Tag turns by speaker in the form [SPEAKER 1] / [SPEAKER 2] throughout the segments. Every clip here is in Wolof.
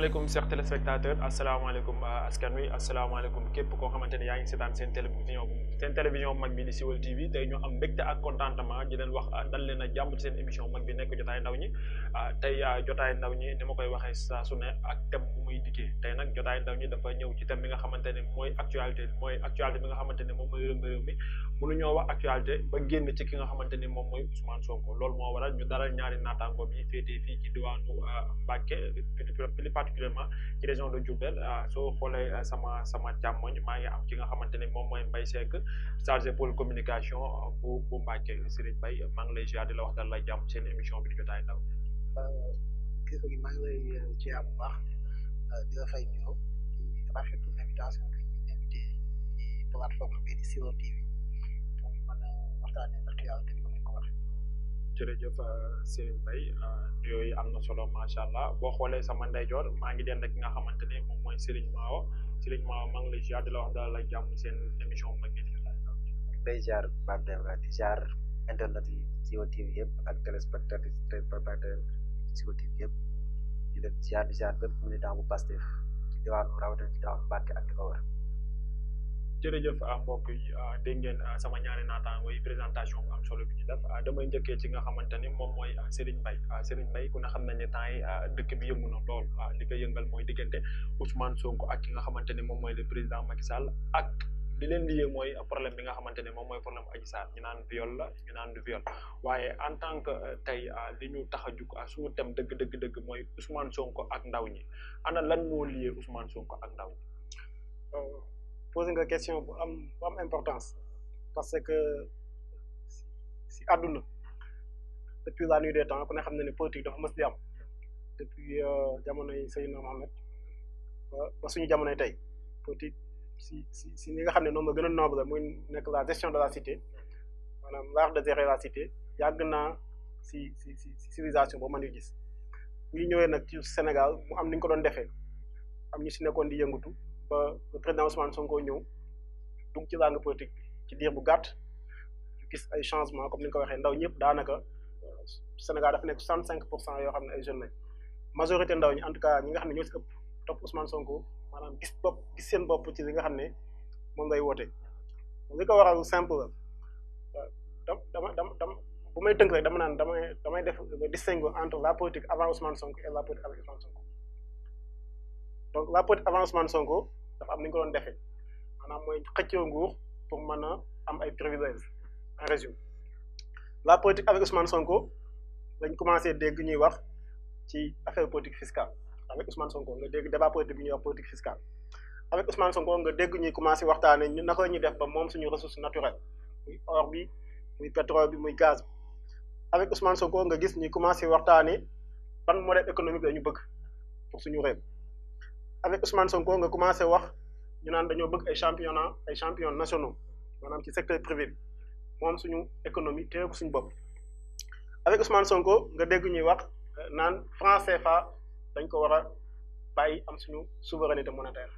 [SPEAKER 1] asalaamaaleykum chers téléspectateurs asalaamaaleykum ah, askan wi asalaamaaleykum képp koo xamante ne yaa ngi seetaan seen télévision seen télévision mag bi di Siweul TV tey ñu am mbégte ak contentement di leen wax a ah, leen a jàmm seen émission mag bi nekk jotaay ndaw ñi ah, tey jotaay ndaw ñi ni ma koy waxee saa su ne ak thème bu muy dikkee tey nag jotaay ndaw ñi dafa ñëw ci thème bi nga xamante ne mooy actualité mooy actualité bi nga xamante ne moom mooy réew mi mënuñoo wax actualité ba génn ci ki nga xamante ni moom mooy Ousmane Sonko lool moo waral ñu dalal ñaari naataangoom yi féetee fii ci diwaanu euh, Mbacke plus particulièrement ci région de Diourbel euh, soo xoolee euh, sama sama càmmoñ maa ngi am ki nga xamante ni moom mooy Mbaye Seck chargé pour communication bu bu Mbacke Serigne Mbaye maa ngi lay ziar di la wax dal la jàmm seen émission bi di jotaay ndaw.
[SPEAKER 2] kër gi maa ngi lay ziar bu baax di la fay ñëw di rafetlu invitation bi waxtaanee ndaxte yàlla def ko
[SPEAKER 1] ni ko waxee. jërëjëf euh, Serigne Mbaye euh, yooyu am na solo macha allah boo xoolee sama ndeyjoor maa ngi dend ki nga xamante ne moom mooy Serigne Mao Serigne Mao maa ngi lay ziar di la wax daal la jàmm seen émission mag yi.
[SPEAKER 2] a ziar Pape Demba di ziar internet yi Siwo TV yëpp ak téléspectateur téléspectateur Siwo TV yëpp bu Pastef ci diwaanu rawatina ci diwaanu Mbacké ak
[SPEAKER 1] jërëjëf ah, mbokk yi ah, dégg ngeen ah, sama ñaari naataango yi présentation bu am solo bi ñu def damay njëkkee ci nga xamante ni moom mooy Serigne Mbaye Serigne Mbaye ku ne xam nañ temps yi dëkk bi yëngu na lool li ko yëngal mooy diggante Ousmane Sonko ak ki nga xamante ni moom mooy le président Macky Sall ak di leen liyee mooy problème bi nga xamante ne moom mooy problème aji saar ñu naan viol la ñu naan du viol waaye en tant que euh, tey li ñu tax a jug suñu thème dëgg dëgg dëgg mooy Ousmane Sonko ak ndaw ñi ana lan moo liye Ousmane Sonko ak ndaw ñi
[SPEAKER 3] euh, posé nga question bu am bu am importance parce que si àdduna depuis la nuit des temps ku ne xam ne ne politique dafa mës di am depuis euh, jamonoy Seydina Mohamed ba suñu jamonoy tey politique si si si ni nga xam ne noonu la gën a noble muy nekk la gestion de la cité maanaam l'art de gérer la cité yàgg naa si si si si civilisation boo mën di gis bu ñu ñëwee nag ci Sénégal mu am ni ko doon defee am ñu si nekkoon di yëngatu ba le président Ousmane Sonko ñëw dugg ci langue politique ci diir bu gàtt gis ay changement comme ni nga ko waxee ndaw ñëpp daanaka euh, Sénégal dafa nekk 65 pour cent yoo xam ne ay jeunes lañ majorité ndaw ñi en tout cas ñi nga xam ne ñoo si ëpp topp Ousmane Sonko maanaam gis bop gis seen bopp ci li nga xam ne moom lay woote li ko waral simple la euh, dama dama dama bu may tënk rek dama naan damay damay def le distingue entre la politique avant Ousmane Sonko la politique avec Ousmane Sonko donc la politique avant Ousmane Sonko dafa am ni ñu ko doon defee maanaam mooy xëccoo nguur pour mën a am ay privilèges en résumé la politique avec Ousmane Sonko dañ commencé dégg ñuy wax ci affaire politique fiscale avec Ousmane Sonko nga dégg débat politique bi ñuy wax politique fiscale avec Ousmane Sonko nga dégg ñuy commencé waxtaanee ñu naka ñuy def ba moom suñu ressource naturelle muy or bi muy pétrole bi muy gaz bi avec Ousmane Sonko nga gis ñuy commencé waxtaanee ban modèle économique la ñu bëgg pour suñu réew. avec Ousmane Sonko nga commencé wax ñu naan dañoo bëgg ay championnat ay champions nationaux dans ci secteur privé moom suñu économie téye ko suñu avec Ousmane Sonko nga dégg ñuy wax euh, naan France CFA dañ ko war a bàyyi am suñu souveraineté monétaire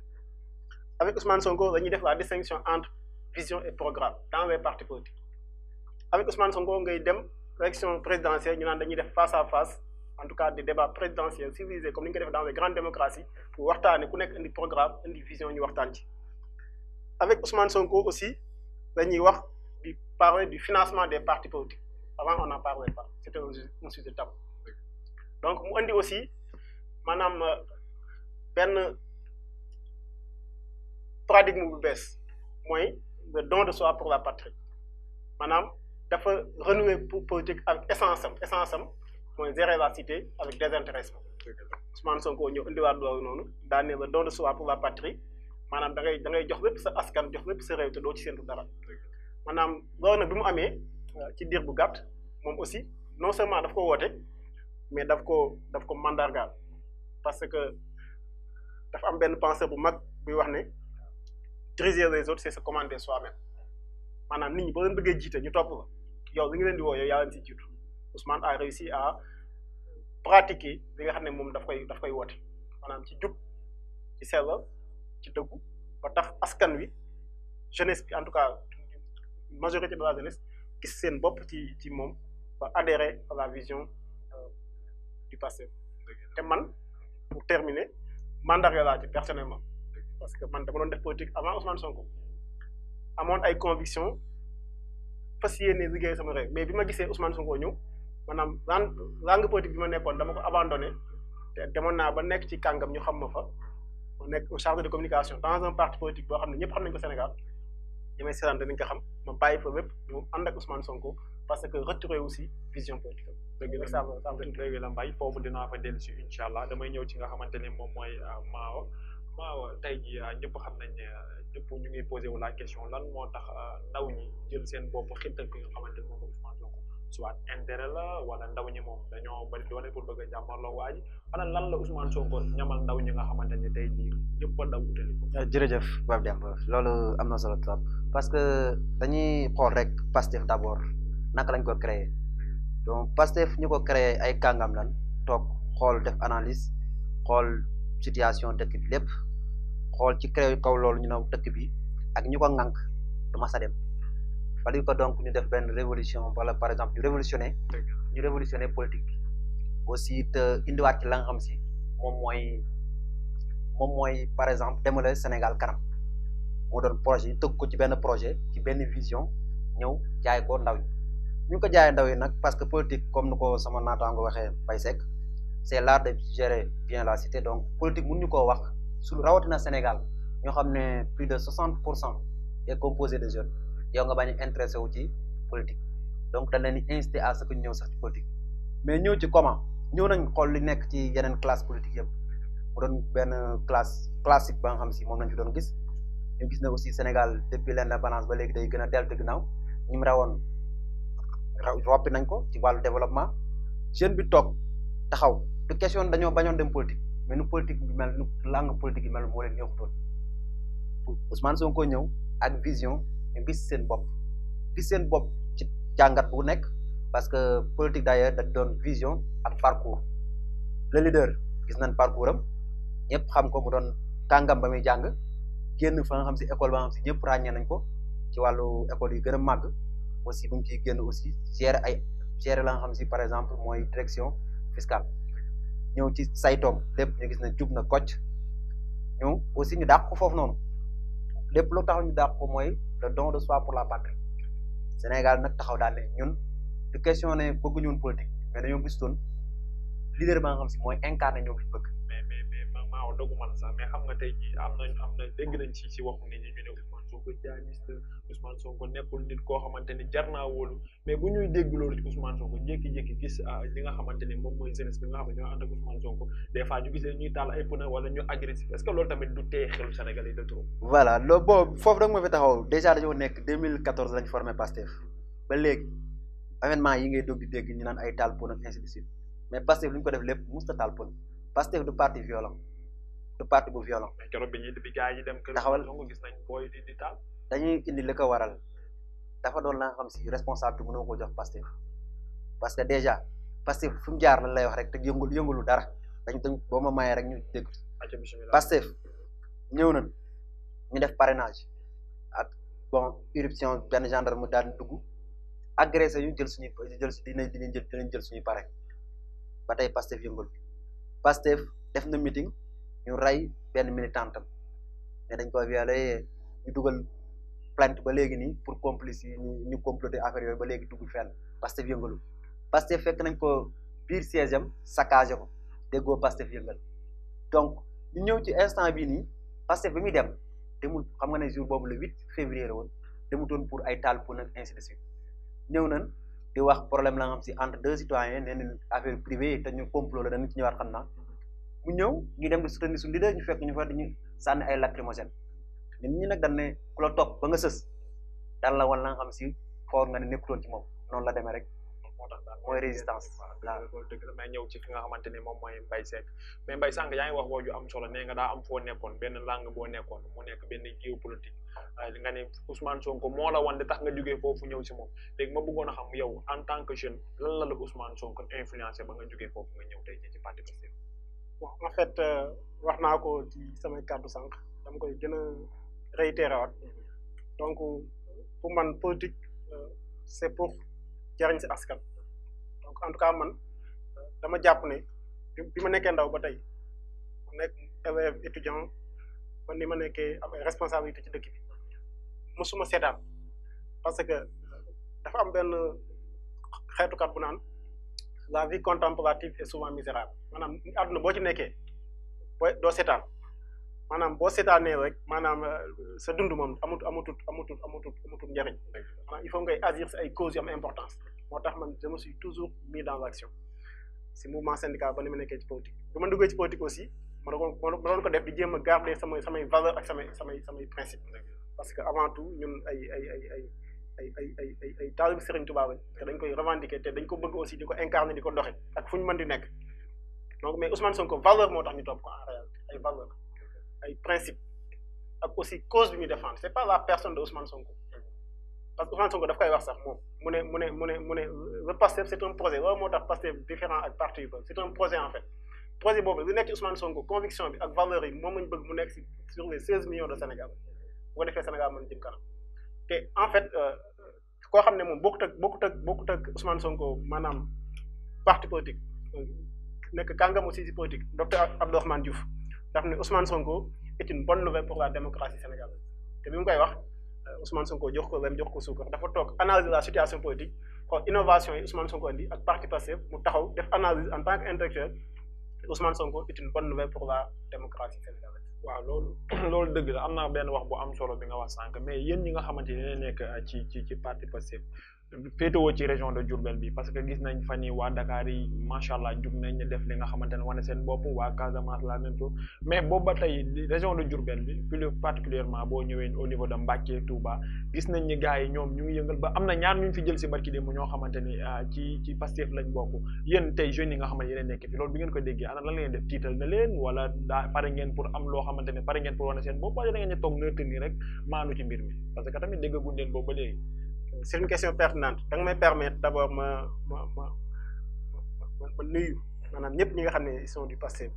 [SPEAKER 3] avec Ousmane Sonko dañuy def la distinction entre vision et programme dans les partis politiques avec Ousmane Sonko ngay dem élection présidentielle ñu naan dañuy def face à face en tout cas des débats présidentiels civilisés comme dans les grandes démocraties pour voir ku un programme une vision avec Ousmane Sonko aussi dañuy wax di parler du financement des partis politiques avant on n'en parlait pas c'était un sujet tabou donc on dit aussi Madame euh, Ben, paradigme le don de soi pour la patrie Madame, il faut renouer pour politique avec essence mooy zéro la cité avec désintéressement Ousmane Sonko ñu indi nonu la don de soi pour la patrie manam da ngay da ngay jox sa askan jox sa réew te do ci sentu dara manam loolu nag bi euh, ci diir aussi non seulement daf ko mais daf ko daf ko parce que dafa am pensée bu mag buy wax les autres c'est se commander soi-même maanaam nit ñi ba leen bëggee jiite ñu topp yow li leen di woo yow Ousmane a réussi à pratiquer ce nga xam ne moom daf koy daf des woote des ci jub ci sellal ci dëggu ba tax askan jeunesse en tout cas majorité de la jeunesse qui seen bopp ci ci monde, pour adhérer à la vision euh, du passé Et man pour terminer je suis ci personnellement parce que man dama doon politique avant Ousmane Sonko amoon ay convictions fas yéene liggéey sama réew mais bi ma Ousmane Sonko ñëw maanaam langue langue politique bi ma nekkoon dama ko abandonné te demoon naa ba nekk ci kàngam ñu xam ma fa ma nekk chargé de communication dans un parti politique boo xam ne ñëpp xam nañ ko Sénégal ñi may seetaan danañ ko xam ma bàyyi fa lépp ñu ànd ak Ousmane Sonko parce que retiré aussi vision politique dëgg la sàmm sàmm dëgg la mbay foofu dinaa fa dellu si incha allah damay
[SPEAKER 1] ñëw ci nga xamante ne moom mooy maawa euh, maawa tey jii euh, ñëpp xam nañ ne euh, ñëpp ñu ngi posé wu la question lan moo tax ndaw ñi jël seen bopp xintal ki nga xamante ne moom Ousmane Sonko soit intérêt la wala ndaw ñi moom dañoo bari doone pour bëgg jàmmarloo waa ji wala lan la
[SPEAKER 2] Ousmane Sonko ñamal ndaw ñi nga xamante ne tey
[SPEAKER 1] jii ñëpp a daw utali ko.
[SPEAKER 2] jërëjëf Bab Demba loolu am na solo trop parce que dañuy xool rek Pastef d' abord naka lañ ko créé donc Pastef ñu ko créé ay kàngam lan toog xool def analyse xool situation dëkk bi lépp xool ci créé kaw loolu ñu na dëkk bi ak ñu ko ŋànk du mas a dem fallait que donc ñu def ben révolution wala par exemple ñu révolutionner ñu révolutionner politique aussi te euh, wat ci la nga xam si moom moy mom moy par exemple demale Sénégal karam mo doon projet tëgg ko ci ben projet ci ben vision ñew jaay ko ndaw ñu ko jaay ndaw yi parce que politique comme nuko ko sama naataango waxe Baye c'est l'art de gérer bien la cité donc politique nous ñu koo wax su rawatina Sénégal ñu xamné plus de 60 est composé de jeunes yow nga bañ intéressé wu ci politique donc da leen di incité à ce ñëw sax ci politique mais ñëw ci comment ñëw nañ xool li nekk ci yeneen classe politique yëpp mu doon benn classe classique ba nga xam si moom lañ doon gis ñu gis ne aussi Sénégal depuis l'indépendance ba léegi day gën a dellu ginnaaw ñi mu rawoon roppi nañ ko ci wàllu développement jeune bi toog taxaw du question dañoo bañoon dem politique mais nu politique bi mel nu langue politique yi mel moo leen yokkutoon Ousmane Sonko ñëw ak vision ñu gis seen bopp seen bopp ci jàngat bu nekk parce que politique day da doon vision ak parcours le leader gis nañ parcours am ñëpp xam ko mu doon kàngam ba muy jàng génn fa xam si école ba nga xam si ñëpp ràññee nañ ko ci wàllu école yi gën a màgg aussi bu mu ciy génn aussi gérer ay gérer la xam si par exemple mooy direction fiscale ñëw ci saytoom lépp ñu gis ne jub na kocc ñu aussi ñu dàq ko foofu noonu lépp lu tax ñu dàq ko mooy le don de soi pour la patrie Sénégal nag taxaw daal ne ñun du question ne politique mais dañoo gis doon leader si mooy incarné ñoo fi bëgg.
[SPEAKER 1] mais mais mais maa maa dogu man sax mais xam nga tey jii am nañ am na dégg nañ Sonko jihadiste Ousmane Sonko nekkul nit koo xamante ni jar mais bu ñuy dégg loolu ci Ousmane Sonko jékki-jékki gis li ah, nga nga xam ne ñoo ànd Sonko des fois ñu gis wala ñu agressif est ce loolu tamit du téye xelu Sénégal yi de trop.
[SPEAKER 2] voilà loolu boobu foofu rek ma fi taxaw dèjà dañoo nekk 2014 lañ formé Pastef ba léegi événement yi ngay dégg ñu naan ay taal pneu ak ainsi de suite mais Pastef li du parti bu violent kéro bi ñi bi gaay yi dem kër taxawal nga gis nañ boy di di tal dañuy indi li ko waral dafa doon la xam si responsable mënoo ko jox pastef parce que déjà pastef fu mu jaar lan lay wax rek te yëngul yëngulu dara dañ dañ boo ma mayee rek ñu dégg pastef ñëw nañ ñu def parrainage ak bon éruption benn gendarme daan dugg agressé ñu jël suñu jël dinañ dinañ jël dinañ jël suñu pare ba tey pastef yëngul pastef def na meeting ñu rey benn militante am ne dañ ko violé ñu dugal plainte ba léegi nii pour complice yi ñu ñu comploté affaire yooyu ba léegi dugg fenn Pastef yëngalu Pastef fekk nañ ko biir siège am saccagé ko déggoo Pastef yëngal donc ñu ñëw ci instant bii nii Pastef bi muy dem demul xam nga ne jour boobu le huit février la woon demutoon pour ay taal pour nag ainsi de ñëw nañ di wax problème la nga si entre deux citoyens nee nañ affaire privée te ñu complot la dañu ci ñëwaat xam naa mu ñëw ñu dem ci soutenir suñu leader ñu fekk ñu fa dañu sànni ay lacrymogène nit ñi nak dañ ne ku la top ba nga sës dal la wala xam ci for nga nekk nekkutoon ci mom non la demee rek
[SPEAKER 1] moy résistance la dëgg la may ñëw ci ki nga xamante mom moy mbay sék mais mbay sànq yaay ngi wax wooju am solo né nga da am fo nekkon ben langue bo nekkon mu nekk ben géopolitique euh, nga ne Ousmane Sonko mo la wan di tax nga jógee fofu ñëw ci mom léegi ma bëggono xam yow en tant que jeune lan la le Ousmane Sonko influencé ba nga jógee fofu nga ñëw tay ci parti politique
[SPEAKER 3] bon en fait euh, wax naa ko ci samay kàddu sànq dama koy gën a réitéré waat donc pour man politique euh, c' est pour jariñ si askan donc en tout cas man euh, dama jàpp ne bi ma nekkee ndaw ba tey ma nekk élève étudiant man ni ma nekkee am ay responsabilité ci dëkk parce que dafa am benn xeetukat bu naan la vie contemplative est souvent misérable maanaam àdduna boo ci nekkee booy doo seetaan maanaam boo seetaanee rek maanaam euh, sa dund moom amut amutut amutut amutut amutut njariñ maanaam il faut ngay agir si ay causes importance moo tax man je me suis toujours mis dans l'action si mouvement syndical ba ni ma nekkee ci politique bi ma duggee ci politique aussi ma doon ko ma ko def di jéem a garder samay samay valeur ak samay samay principe parce que avant tout ñun ay ay a ay ay ay ay ay taalib Serigne Touba lañ te dañ koy revendiquer te dañ ko bëgg aussi di ko incarner di ko doxe ak fu ñu mën di nekk donc mais Ousmane Sonko valeur moo tax ñu topp ko en réalité ay valeur ay principe ak aussi cause bi ñu défendre c'est pas la personne de Ousmane Sonko parce que Ousmane Sonko daf koy wax sax moom mu ne mu ne mu ne mu ne le Pastef c'est un projet loolu moo tax Pastef différent ak parti yu bëri c'est un projet en fait projet boobu lu nekk ci Ousmane Sonko conviction bi ak valeur yi moom lañ bëgg mu nekk si sur les 16 millions de Sénégal bu ko defee Sénégal mën jëm kanam te en fait euh, koo xam ne moom bokkut ak bokkut ak bokkut ak Ousmane Sonko maanaam parti politique euh, nekk kàngamu si si politique docteur Abdourahmane Diouf daf ne Ousmane Sonko est une bonne nouvelle pour la démocratie sénégalaise te bi mu koy wax euh, Ousmane Sonko jox ko lem jox ko suukar dafa toog analyse la situation politique xool innovation yi Ousmane Sonko indi ak parti Pastef mu taxaw def analyse en tant que intellectuel Ousmane Sonko est une nouvelle pour la démocratie sénégalaise waaw loolu loolu dëgg la am na benn wax bu am solo bi nga wax sànq
[SPEAKER 1] mais yéen yi nga xamante ne nekk euh, ci ci ci parti Pastef féetewoo ci région de Diourbel bi parce que gis nañ fan yi waa Dakar yi macha allah jug nañ def li nga xamante ne wane seen bopp waa Casamance la même chose mais boobu ba tey région de boo ñëwee au niveau de Mbacké Touba gis nañ ni gars yi ba am na ñaar ñu fi jël si ñoo xamante ni ah, ci ci Pastef lañ bokk yéen tey jeunes yi nga xamante yéen nekk fi loolu bi ngeen xamante ne pare ngeen pour wane seen bopp wala da ngeen toog ci mbir
[SPEAKER 3] mi parce que tamit déggaguñ leen boobu léegi c'est une question pertinente da nga may permettre d'abord ma ma ma ma ma nuyu maanaam ñëpp ñi nga xam ne ils sont du passé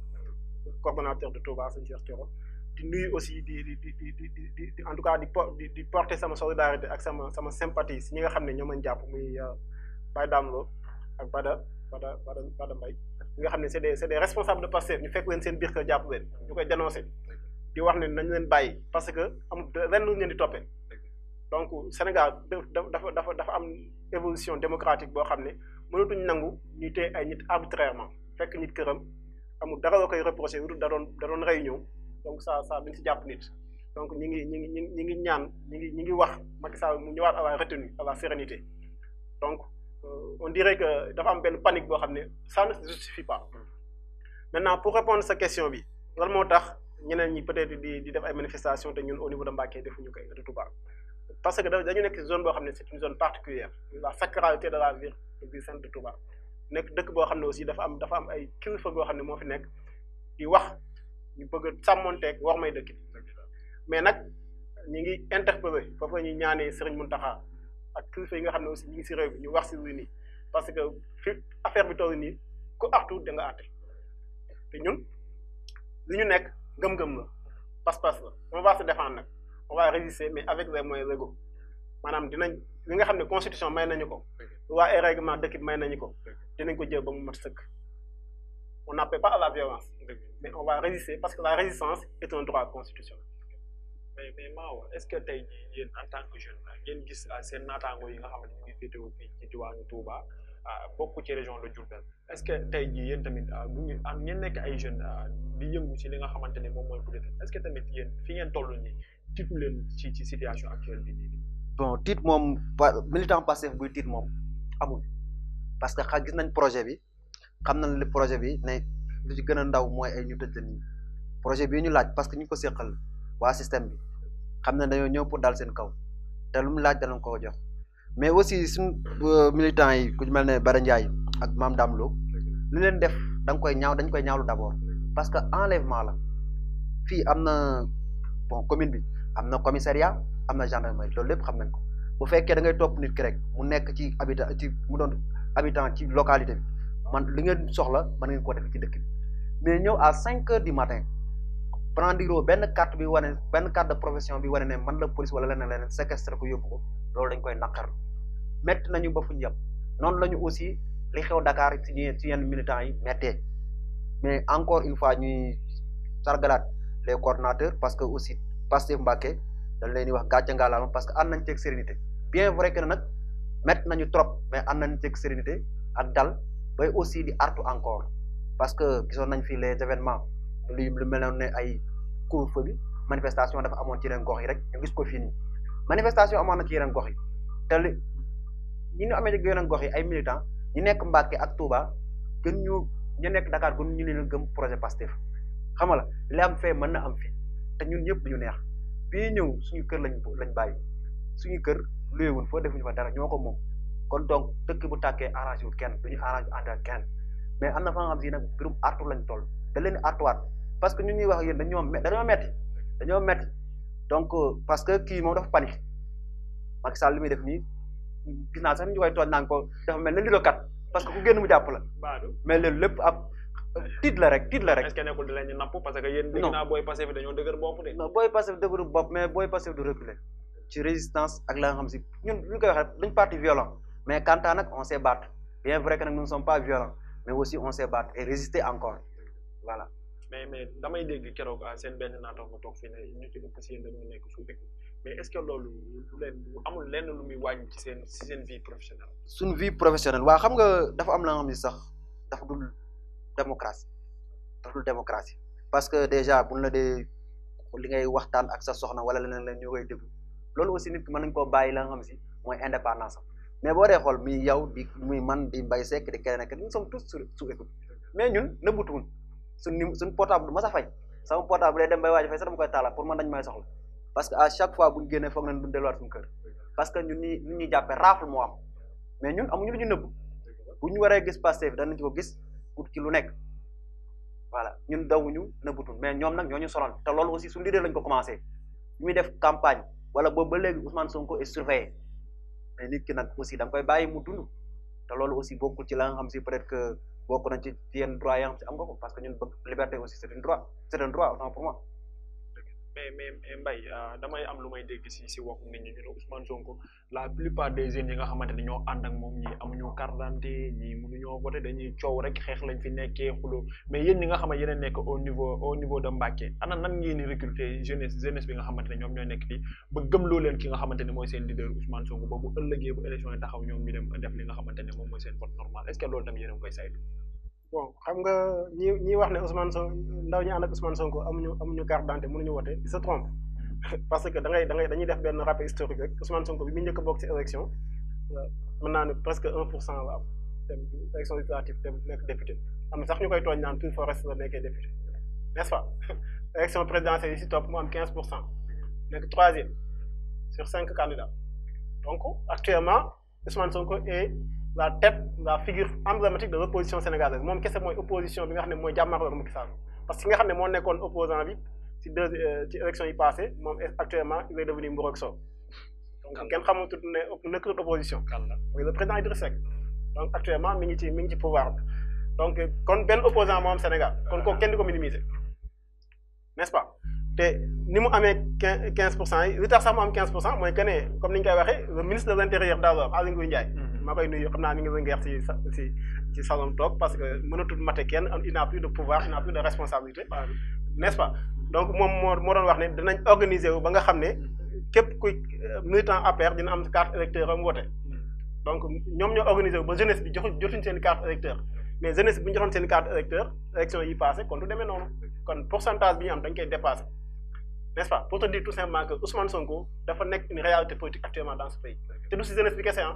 [SPEAKER 3] coordonnateur de Touba Sëñ Cheikh Thioro di nuyu aussi di di di di di di di en tout cas di di di porter sama solidarité ak sama sama sympathie si ñi nga xam ne ñoo ma jàpp muy euh, Baye Damlo ak Bada Bada Bada Bada Mbaye ñi nga xam ne c'est des c'est des responsables de Pastef ñu fekk leen seen biir kër jàpp leen ñu koy dénoncer di wax ne nañ leen bàyyi parce que amul benn lu ñu leen di toppee donc Sénégal dafa dafa dafa am évolution démocratique boo xam ne mënatuñ nangu ñu téye ay nit arbitrairement fekk nit këram amul dara la koy reproché da doon da doon réunion donc ça ça duñ si jàpp nit donc ñi ngi ñi ngi ñi ngi ñaan ñi ngi ñi ngi wax Macky Sall mu ñëwaat à la retenue à la sérénité donc euh, on dirait que dafa am benn panique boo xam ne ça ne se justifie pas maintenant pour répondre sa question bi lan moo tax ñeneen ñi peut-être di di def ay manifestations te ñun au niveau de Mbacké defuñu koy de Touba parce que dañu nekk ci zone boo xam ne c'est une zone particulière la sacralité de la ville de Touba nekk dëkk boo xam ne aussi dafa am dafa am ay kilifa goo xam ne moo fi nekk di wax ñu bëgg a sàmmonteeg war may dëkk mais nag ñi ngi interpellé foofu la ñuy ñaanee Serigne Mountakha ak kilifa yi nga xam ne aussi ñi ngi ci réew bi ñu wax ci lu nii parce que fi affaire bi toll nii ku artu da nga àtte te ñun li ñu nekk gëm-gëm la pas-pas la on va se on va résister mais avec les moyens légaux maanaam dinañ li nga xamné constitution may nañu ko loi et règlement d'équipe may nañu ko dinañ ko jël ba mu mat sëkk on n'appelle pas à la violence mais on va résister parce que la résistance est un droit constitutionnel mais mais Maowa est-ce que tay
[SPEAKER 1] jii yéen en tant que jeune ngeen gis ah, seen natango yi nga xamné ni ñu ngi féetewoo fii ci diwaanu Touba ah, bokk ci région de Diourbel est-ce que tay ji yéen tamit bu ñu am nek ay jeunes ah, di yëngu ci li nga xamante ne moom mooy politique est-ce que tamit yéen fi ngeen tollu ni tiitu leen ci ci situation
[SPEAKER 2] actuelle bi bon tiit moom militant Pastef buy tiit moom amul parce que xa gis nañ projet bi xam nañ le projet bi ne lu ci gën a ndaw mooy ay ñu tëj la projet bi ñu laaj parce que ñu ko séqal waa système bi xam ne dañoo ñëw pour daal seen kaw té lu mu laaj danañ ko jox mais aussi suñ euh, militant yi ku mel ne Bara Ndiaye ak Mam Damlo Lo lu leen def dang koy ñaaw dañ koy ñaawlu d'abord parce que enlèvement la fi amna bon commune bi am na commissariat am na gendarmerie loolu lépp xam nañ ko bu fekkee da ngay topp nit ki rek mu nekk ci habitant ci mu doon habitant ci localité bi man li ngeen soxla man ngeen ko def ci dëkk bi mais ñëw à cinq heures du matin prendre benn carte bi wane benn carte de profession bi wane ne man la police wala leneen leneen séquestre ko yóbbu ko loolu dañ koy naqar métti nañu ba fu ñu yem noonu la aussi li xew Dakar ci yenn ci yenn militants yi méttee mais encore une fois ñuy sargalaat les coordinateurs parce que aussi Pastef Mbacké dañ leen di wax gàcce ngalaama parce que ànd nañ ceeg sérénité bien vrai que nag met nañu trop mais ànd nañ ceeg sérénité ak dal bay aussi di artu encore parce que gisoon nañ fi les événements lu lu meloon ne ay couvre-feu bi manifestation dafa amoon ci yeneen gox yi rek ñu gis ko fii nii manifestation amoon na ci yeneen gox yi te li ñi ñu amee ci yeneen gox yi ay militants ñu nekk Mbacké ak Touba gën ñu ñu nekk Dakar gën ñu leen gëm projet Pastef xam nga la li mën na am te ñun ñëpp ñu neex bii ñëw suñu kër lañ lañ bàyyi suñu kër lu wuñ foo defuñu fa dara ñoo ko moom kon donc dëkk bu tàkkee arrangé wul kenn duñu arrangé ànd ak kenn mais am na fa nga xam si nag mbirum artu lañ toll da leen artuwaat parce que ñun ñuy wax ak yéen dañoo dañoo metti dañoo metti donc euh, parce que kii moom dafa panique Macky Sall li muy def nii gis naa sax ni ñu koy tooñ naan ko dafa mel ne liggéeykat parce que ku génn mu jàpp la mais loolu lépp ab tiit rek est-ce que parce que de. non mais du résistance ak la xam si ñun koy violent mais quand on sait battre bien vrai que nous ne sommes pas violents mais aussi on sait battre et résister encore voilà. mais
[SPEAKER 1] mais damay dégg keroog ah, seen benn toog ne ñu ci mais est-ce que amul lu vie professionnelle.
[SPEAKER 2] suñ vie professionnelle xam nga dafa am la démocratie daful démocratie parce que déjà buñ la dee li ngay waxtaan ak sa soxna wala leneen la ñu koy déglu loolu aussi nit ki mën nañ koo bàyyi la nga xam si mooy am mais boo dee xool muy yow di man di Mbaye Seck di keneen ak nous sommes tous sur sous écoute mais ñun nëbbutuwul suñ suñ portable du ma sa fay sama portable day dem bay waaj fay sax dama koy taalaat pour man dañ may soxla parce que à chaque fois buñ génnee foog nañ duñ delluwaat suñu kër parce que ñun ñi ñuy jàppee raafle moo am mais ut ci lu nekk voilà ñun dawuñu nëbbutul mais ñoom nag ñoo ñu sonal te loolu aussi su lañ ko commencé ñu muy def campagne wala boobu ba léegi Ousmane Sonko est surveillé mais nit ki nag aussi da koy bàyyi mu dund te loolu aussi bokkul ci la nga xam si peut-être que bokk na ci yenn droit yi nga xam am nga parce que ñun bëgg liberté aussi c'est un droit c'est un droit autant pour moi
[SPEAKER 1] mais mais Mbaye euh, damay am lu may dégg si si waxu nit ñi ñu ne Ousmane Sonko la plupart des jeunes yi nga xamante ñoo ànd ak moom ñii amuñu carte d'identité ñii mënuñoo voté dañuy coow rek xeex lañ fi nekkee xulo mais yéen nga xam a nekk au niveau de Mbacké ana nan ngeen di recruter jeunesse jeunesse bi nga xamante ñoom ñoo nekk fii ba gëmloo leen ki nga xamante mooy seen leader Ousmane Sonko ba bu ëllëgee bu élection yi taxaw ñoom ñu dem def li nga xamante a ngi koy saytu
[SPEAKER 3] bon xam nga ñi ñi wax ne Ousmane Sonko ndaw ñi ànd ak Ousmane Sonko amuñu amuñu carte d'identité mënuñu wote ils se trompe parce que da ngay da ngay dañuy def benn rappel historique rek Ousmane Sonko bi mu njëkk bokk ci élection euh, mën naa ne presque un pour cent la am dem élection législative dem nekk député am sax ñu koy tooñ naan tout forest la nekkee député n'est-ce pas élection présidentielle yi si topp mu am 15 pour cent nekk troisième sur 5 candidats donc actuellement Ousmane Sonko est la tête la figure emblématique de l'opposition sénégalaise moom c'est mooy opposition bi nga xam ne mooy parce que ki nga xam ne moo opposant bi ci deux euh, élections y passées actuellement il est devenu Mburok Sow donc kenn xamatul ne nekkul opposition est le président Idriss donc actuellement il est ci pouvoir. ci pouvoir donc kon benn opposant moo Sénégal kon kooku kenn di minimiser n'est-ce pas te ni 15% amee 15%, pour 15% 15%. comme ni l'avons dit, le ministre de l'intérieur d'alors Aly Ndiaye maa koy nuyu xam naa mi ngi wëngeex ci ci ci salon toog parce que mënatul mate kenn il n'a plus de pouvoir il n'a plus de responsabilité n'est-ce pas donc moom moo moo doon wax ne dinañ organiser wu ba nga xam ne képp kuy euh, militant APR dina am carte électeur am woote donc ñoom ñoo organiser wu ba jeunesse bi joxu jotuñ seen carte électeur mais jeunesse bi ñu joxoon seen carte électeur élection yi passé kon du demee noonu kon pourcentage bi ñu am dañ koy dépassé n'est-ce pas pour te dire tout simplement que Ousmane Sonko dafa nekk une réalité politique actuellement dans ce pays te du si jeunesse bi kese ah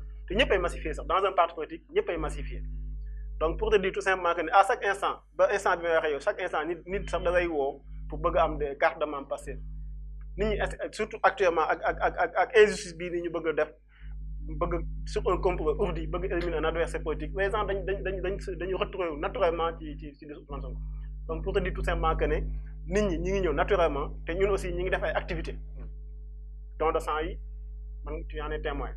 [SPEAKER 3] te ñëpp ay sax dans un parti politique ñëpp massifier. donc pour te dire tout simplement que à chaque instant ba instant bi may yow chaque instant nit nit sax da lay wo pour bëgg am des cartes de membre passé nit ñi surtout actuellement ak ak ak ak ak injustice bi ni ñu bëgg def bëgg sur un complot ourdi bëgg éliminer un adversaire politique les gens dañ dañ dañ dañu retrouver naturellement ci ci ci Ousmane Sonko donc pour te dire tout simplement que ne nit ñi ñi ngi ñëw naturellement te ñun aussi ñi ngi def ay activités dans de sang yi man tu en es témoin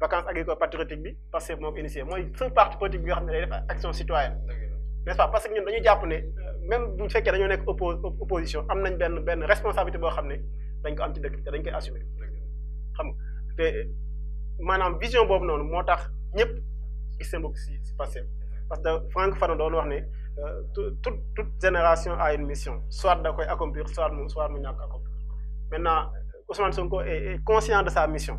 [SPEAKER 3] Vacances agricoles, patriotiques bi parce que moom initié mooy seul parti politique bi nga xam def action citoyenne nest pas parce que nous, dañuy jàpp ne euh, même si nous dañoo nekk opposition nous avons une responsabilité boo xam ne dañ ko am ci dëkk dañ koy assumer xam nga vision boobu noonu moo tax ñëpp gis seen bopp parce que Franck Fanon wax ne euh, toute génération a une mission soit da koy accomplir soit mu soit mu ñàkk accomplir maintenant Ousmane Sonko est conscient de sa mission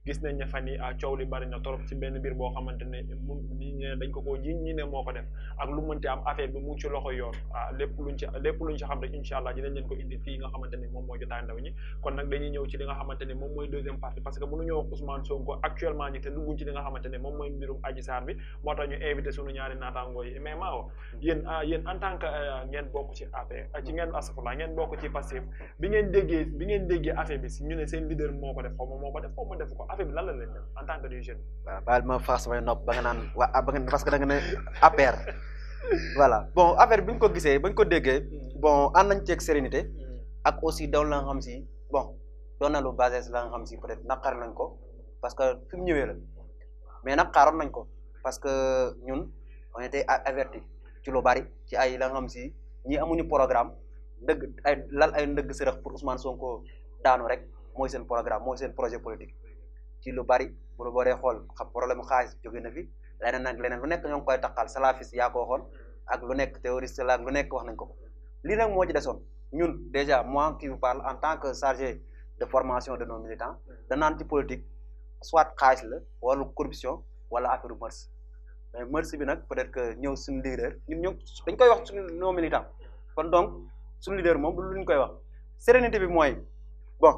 [SPEAKER 1] gis nañ ne fan yi ah, coow li bari na torop ci benn mbir boo xamante ne dañ ko koo jiñ ñi ne moo ko def ak lu mënti am affaire bi mu ci loxo yoon ah, lépp luñ ci lépp luñ ci xam rek incha allah dinañ leen ko indi fii nga xamante ne moom mooy jotaay ndaw ñi kon nag dañuy ñëw ci li nga xamante ne moom mooy deuxième partie parce que mënu ñëw Ousmane Sonko actuellement ñi te duggu ci li nga xamante ne moom mooy mbirum Adji Sarr bi moo tax ñu invité suñu ñaari naataangoo yi mais maaw yéen ah, yéen en tant que euh, ngeen bokk ci affaire ci ngeen asafu asafula ngeen bokk ci passif bi ngeen déggee bi ngeen déggee affaire bi ñu ne seen leader moo ko def xaw ma moo ko def xaw ma def ko affaire bi lan la leen def en tant
[SPEAKER 2] voilà ma faa samay nopp ba nga naan parce que da nga ne bon affaire bi ñu ko gisee ba ñu ko déggee bon ànd nañ ceeg sérénité hmm. ak aussi doon la nga si bon doon na lu basé la nga xam si naqar nañ ko parce que fi mu ñëwee la mais nag xaaroon nañ ko parce que ñun on était averti ci lu bari ci ay la nga xam si ñi amuñu programme ndëgg ay lal ay ndëgg sërëx pour Ousmane Sonko daanu rek mooy seen programme mooy seen projet politique ci lu bari bu la booree xool xam problème xaalis jóge na fi leneen nag leneen lu nekk ñoo ngi koy taqal salafis yaa ko waxoon ak lu nekk terroriste la ak lu nekk wax nañ ko ko lii nag moo ci desoon ñun déjà moi qui vous parle en tant que chargé de formation de nos militants danaan ci politique soit xaalis la wala corruption wala affaire mœurs mais mœurs bi nag peut-être que ñëw suñu leader ñun ñu dañ koy wax suñu nos militants kon donc suñu leader moom lu ñu koy wax sérénité bi mooy bon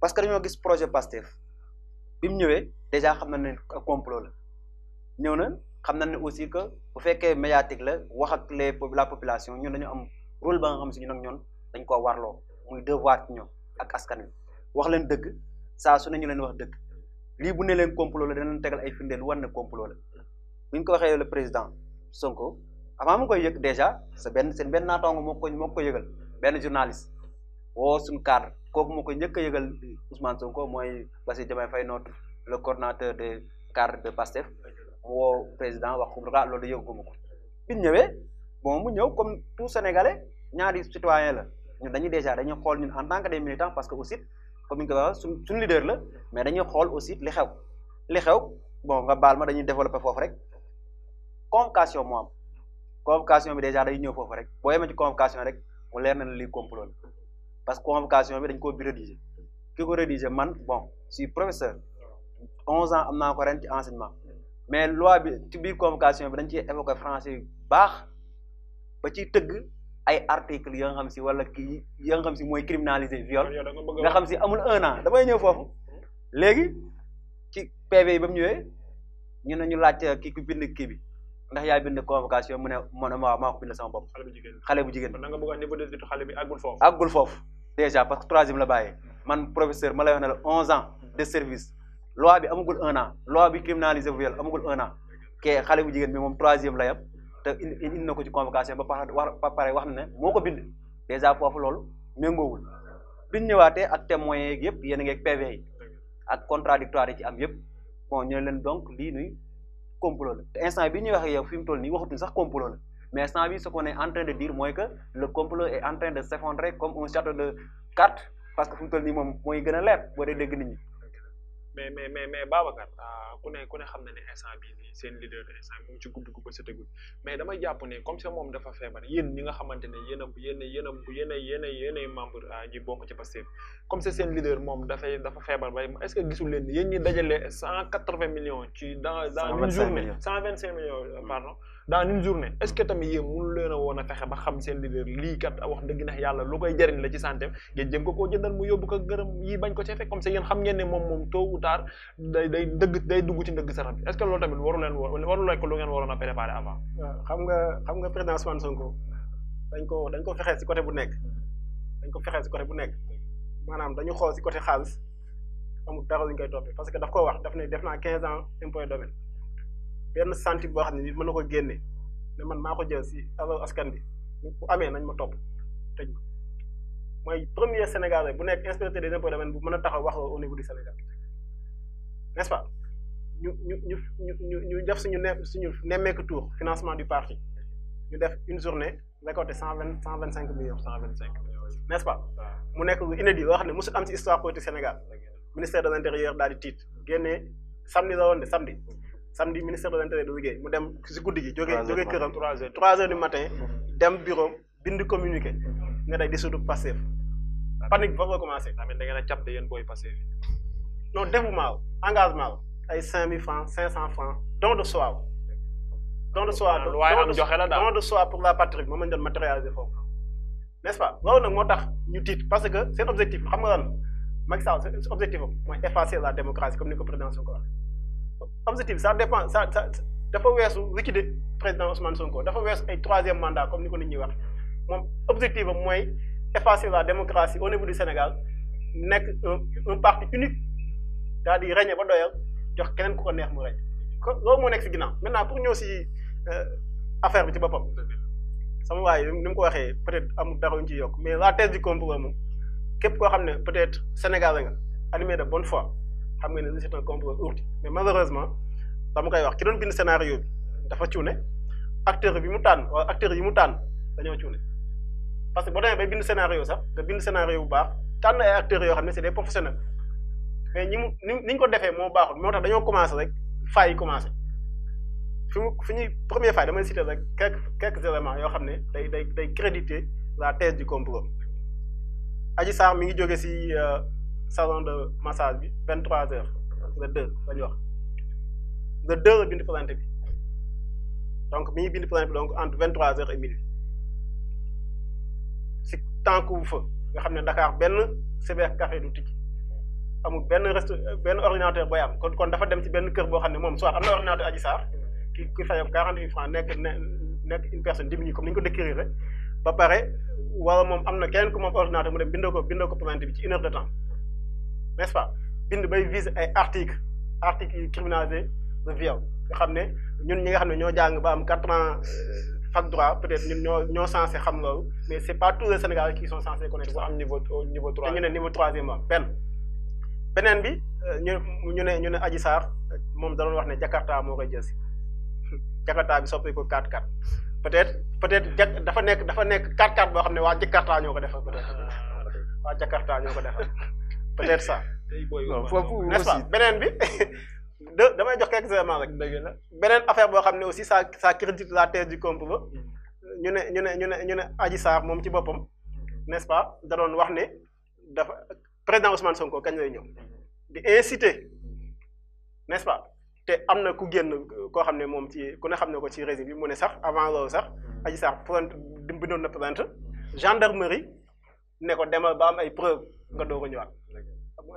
[SPEAKER 2] parce que dañoo gis projet Pastef bi mu ñëwee déjà xam na ne complot la ñëw na xam na ne aussi que bu fekkee médiatique la wax ak les la population ñun dañu am rôle ba nga xam si ñun ak ñoon dañ koo warloo muy devoir ci ñoom ak askan wi wax leen dëgg saasu su ne ñu leen wax dëgg lii bu ne leen complot la dana leen tegal ay firndeel war na complot la bu ñu ko waxee le président Sonko avant mu koy yëg déjà sa benn seen benn naataango moo ko moo ko yëgal benn journaliste. wo suñu cadre kooku moo ko njëkk a yëgal Ousmane Sonko mooy Bassirou Diomaye Faye notre le coordonnateur des cadres de PASTEF mu président wax ko ah loolu yëgguma ko bi ñu ñëwee bon mu ñëw comme tout sénégalais ñaari citoyen la ñu dañuy déjà dañuy xool ñun en tant que des militants parce que aussi comme ni nga ko waxee suñ leader la mais dañuy xool aussi li xew li xew bon nga baal ma dañuy développer foofu rek convocation moo convocation bi déjà day ñëw foofu rek boo yemee ci convocation rek mu leer ne lii complot parce que convocation bi dañ rédiger rédiger bon suis professeur 11 ans amna ko enseignement mais loi bi la convocation bi dañ ci français ba ay article qui xam si wala ki criminaliser viol nga xam amul un an damay PV ndax yaa bind convocation mu ne man waaw bind sama bopp. xale bu jigéen xale bu jigéen. a niveau de xale bi àggul déjà parce que troisième la bàyyee. man professeur ma lay wax ne onze ans de service. loi bi amagul en an loi bi criminalisé viol amagul un an kee xale bu jigéen bi moom troisième la te indi na ko ci convocation ba pare wax na ne moo ko bind déjà foofu loolu méngoowul bi ñu ñëwaatee ak témoins yeeg yëpp yéen a ngi ak PV yi ak contradictoire yi ci am yëpp bon ñu donc lii nuy complot la te instant bi ñuy wax yow fi mu toll nii waxatuñ sax complot la mais instant bi ce qu'on est en train de dire moi que le complot est en train de s'effondrer comme un château de cartes parce que fi mu toll nii moom mooy gën a leer boo dee
[SPEAKER 1] mais mais mais mais Babacar ah, ku ne ku ne xam na ne instant bii seen leader instant bi mu ngi ci gudd gu ba sëtagul mais damay jàpp ne comme ça moom dafa feebar yéen ñi nga xamante ne yéen a yéen a yéen a yéen a yéen a yéen ay membre ah, ci Pastef comme ça seen leader moom dafay dafa feebar bay est ce que gisul leen yéen ñi dajale cent quatre vingt millions ci dans dans une journée cent vingt cinq millions euh, mm. pardon dans une journée est-ce que tamit yéen mënu leen a woon a fexe ba xam seen leader lii kat a wax dëgg na yàlla lu koy jariñ la ci santé ngeen jëm ko koo jëndal mu yóbbu ko gërëm yi bañ ko ci fekk comme ça yéen xam ne moom moom tôt ou tard day day dëgg day dugg ci ndëgg sarax bi est-ce que loolu tamit waru leen waru lekk lu ngeen a préparer avant
[SPEAKER 3] xam nga xam nga président Ousmane Sonko dañ ko dañ ko fexee si coté bu nekk dañ ko fexee si bu nekk maanaam dañu xool si côté xaalis amul dara luñ parce que daf ko wax daf ne def naa quinze ans impôt domaine benn boo xam man jël si nañ premier sénégalais bu inspecteur des impôts au niveau du Sénégal n'est-ce pas ñu ñu ñu ñu ñu financement du parti ñu def une journée nous, cent vingt cent millions. n'est-ce pas. mu nekk lu inédit ne ministère de l'intérieur daal di tiit samedi la samedi samedi ministère de l'intérieur du mu dem 3 heures 3 heures du matin. dem bureau bind communiqué. nga day panique ba commencé. non engagement ay 5000 francs 500 francs don de soi. don de soir ah, pour la patrie mo la matérialiser n'est-ce pas parce que objectif xam nga objectif effacer la démocratie comme ni ko objectif ça dépend ça ça dafa le liquider président Ousmane Sonko dafa weesu un troisième mandat comme nous ko nit ñuy wax objectif am effacer la démocratie au niveau du Sénégal nekk un parti unique daal di régner ba doyal jox keneen ku ko neex mu rey ko ce que nekk si maintenant pour nous aussi euh, affaire bi ci Je sama sais pas mu ko waxee peut-être amul dara ñu ci yokk mais la thèse du compte moom que koo xam peut-être sénégalais nga animé de bonne foi xam nga ne c'est un complot urti mais malheureusement dama koy wax ki doon bind scénario bi dafa cuune acteur bi mu tànn wala acteur yi mu tànn dañoo cuune parce que boo demee bay bind scénario sax nga bind scénario bu baax tànn ay acteurs yoo xam ne c'est des professionnels mais ñi mu ni ñu ko defee moo baaxul moo tax dañoo commencé rek failles yi commencé fi mu fi ñuy première faille damay citer rek quelques quelques éléments yoo xam ne day day day créditer la thèse du complot aji Sarr mi ngi jóge ci euh, salon de massage bi 23h heures le deux le deux la bind bi donc mi bind donc entre 23h et minuit si temps vous nga Dakar benn café du amul benn ordinateur kon dafa dem ci ordinateur ki francs une personne diminue comme ni ko ba wala ordinateur une heure de temps n'est-ce pas bind bay vise ay articles articles yu criminalisé le viol nga xam ñun ñi nga xamné ño ñoo jàng ba am 4 ans euh, fac droit peut-être ñun ño ño censé xam loolu mais c'est pas tous les Sénégalais qui sont censés connaître ça am niveau euh, niveau 3 ñu né niveau troisième am ben benen bi euh, ñu ñu né ñu né Adji Sarr mom da doon wax né Jakarta mo koy jël Jakarta bi soppé ko 4-4 peut-être peut-être dafa nek dafa nek 4-4 bo xamné wa Jakarta ñoko défa peut-être ah, wa Jakarta ñoko défa peut-être ça. non foofu n'est-ce pas Benen bi. de damay jox quelques éléments rek. dëgg la beneen affaire bo xamné aussi ça ça crédite la thèse du complot. Mm-hmm. ñu né ñu né ñu né ñu né Adji Sarr mom ci bopam mm-hmm. n'est-ce pas da doon wax né dafa président Ousmane Sonko kañ lay ñëw. Mm-hmm. di inciter n'est-ce pas té amna ku génn ko xamné mom ci ku ne xamné ko ci régime bi mu né sax avant loolu sax. Adji Sarr plainte bindoon na plainte gendarmerie né ko demal ba am ay preuves nga doog a ñëwaat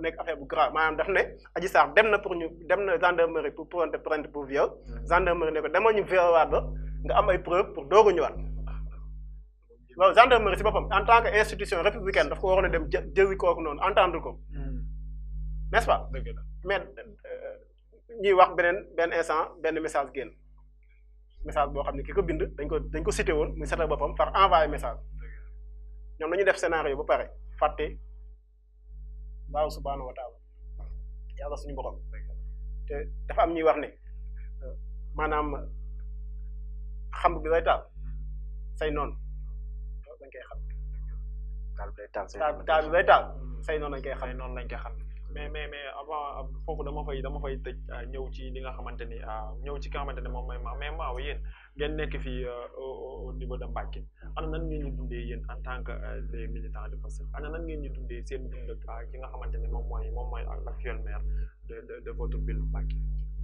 [SPEAKER 3] nek affaire bu grave manam daf ne aji sax dem na pour ñu dem na gendarmerie pour prendre prendre pour viol gendarmerie ne ko dama ñu violaat la nga am ay preuve pour dogu ñu ñëwaat waaw gendarmerie ci bopam en tant que institution républicaine daf ko waxone dem jë jëli kooku noonu entendre ko hmm. n'est-ce pas mais euh, ñi wax benen ben instant ben message génn message bo xamni kiko bind dañ ko dañ ko cité won muy setal bopam far envoyé message ñom lañu def scénario ba paré faté baaw subhaanahu wa taala yàlla suñu borom te dafa am ñuy wax ne maanaam xam bi lay taal mm-hmm. say noonu dañ koy xam taal bi lay taal say noonu taal bi lay taal
[SPEAKER 1] mm-hmm. say noonu lañ koy xam noonu lañ koy xam mais mais mais avant foofu dama fay dama fay tëj ah, ñëw ci li nga xamante ni ah, ñëw ci ki nga xamante ne moom mooy ma ngeen nekk fii euh, au niveau de Mbacké ana nan ngeen ñu dundee yéen en tant que euh, des militants de Pastef ana nan ngeen ñu dundee seen dund ak ki nga xamante ne moom mooy moom mooy l'actuel maire de de de votre ville Mbacké.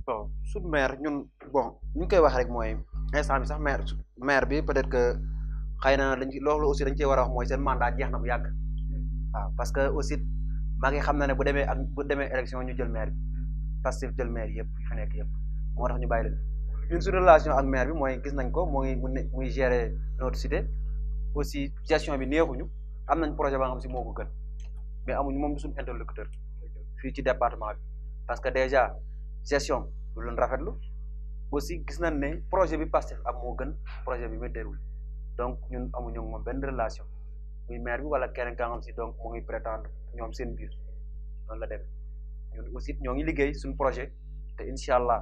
[SPEAKER 2] bon maire ñun bon ñu ngi koy wax rek mooy instant bi sax maire maire bi peut-être que xëy na dañ loolu aussi dañ cee war a wax mooy seen mandat jeex na bu yàgg. waaw parce que aussi maa ngi xam na ne bu demee ak bu demee élection ñu jël maire bi Pastef jël yëpp yu fi nekk yëpp moo tax ñu bàyyi leen. ñun suñu relation ak maire bi moy gis nañ ko moo ngi muy gérer notre cité aussi gestion bi neexuñu am nañ projet ba nga xam si moo gën mais amuñu mom du suñu interlocuteur fi ci département bi parce que déjà gestion lu leen rafetlu aussi gis nañ ne projet bi passé am mo gën projet bi muy déroulé donc ñun amuñu mom benn relation muy maire bi wala keneen ka nga xam si donc mo ngi prétendre ñom seen biir non la def ñun aussi ñoo ngi liggéey suñu projet te inshallah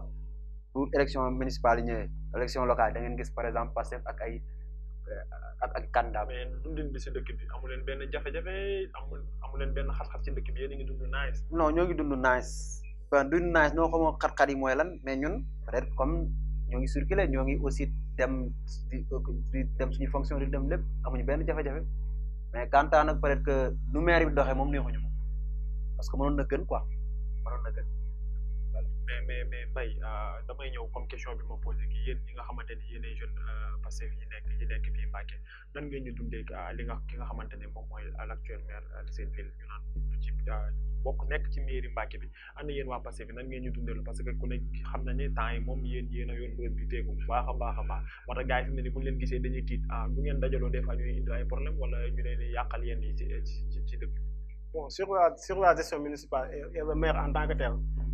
[SPEAKER 2] bu election municipal yi election locale da ngeen gis par exemple passé ak ay
[SPEAKER 1] eh, ak ak candidat mais dundin bi ci dëkk bi amu leen benn jafé jafé amu amu leen benn xat-xat ci dëkk bi yeen ngi dund nice non ñoo ngi
[SPEAKER 2] dund nice ben eh, dund nice no xamoo xat-xat yi moy lan mais ñun peut comme ñoo ngi circuler ñoo ngi aussi dem di dem suñu fonction di dem lépp amuñu benn jafé jafé mais quand à nag peut être que lu maire bi doxé mom neexuñu moom parce que mënon na gën quoi
[SPEAKER 1] mënon na gën mais mais mais Mbaye euh, damay ñëw comme question bi ma posé kii yéen ñi nga xamante ni yéen ay euh, nekk yi nekk nan ngeen ñu dundee euh, ki nga xamante moom mooy l'actuel maire de seen ville ñu naan ci bokk nekk ci mairie Mbacké bi ana yéen waa Pastef bi nan ngeen ñu dundee parce que ku ne xam na ne temps yi moom a yoon bërëb bi teeku bu baax a baax a baax moo tax gars yi fi mu ne leen gisee dañuy tiit ah ngeen dajaloo des fois ñuy problème wala ñu leen ci ci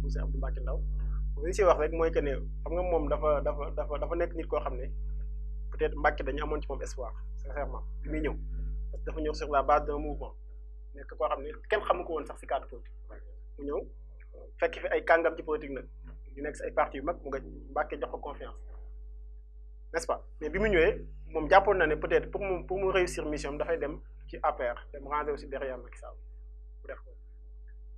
[SPEAKER 3] bu Abdou Mbacke Ndaw li ñu wax rek mooy que ne xam nga moom dafa dafa dafa dafa nekk nit koo xam ne peut-être Mbacke dañu amoon ci moom espoir sincèrement bi muy ñëw parce que dafa ñëw sur la base d'un mouvement nekk koo xam ne kenn xamu ko woon sax si cadre politique mu ñëw fekk fi ay kàngam ci politique nag ñu nekk si ay parti yu mag mu nga Mbacke jox ko confiance n'est-ce pas mais bi mu ñëwee moom jàppoon na ne peut-être pour mu pour mu réussir mission dafay dem ci APR dem ranger aussi derrière Macky Sall bu def ko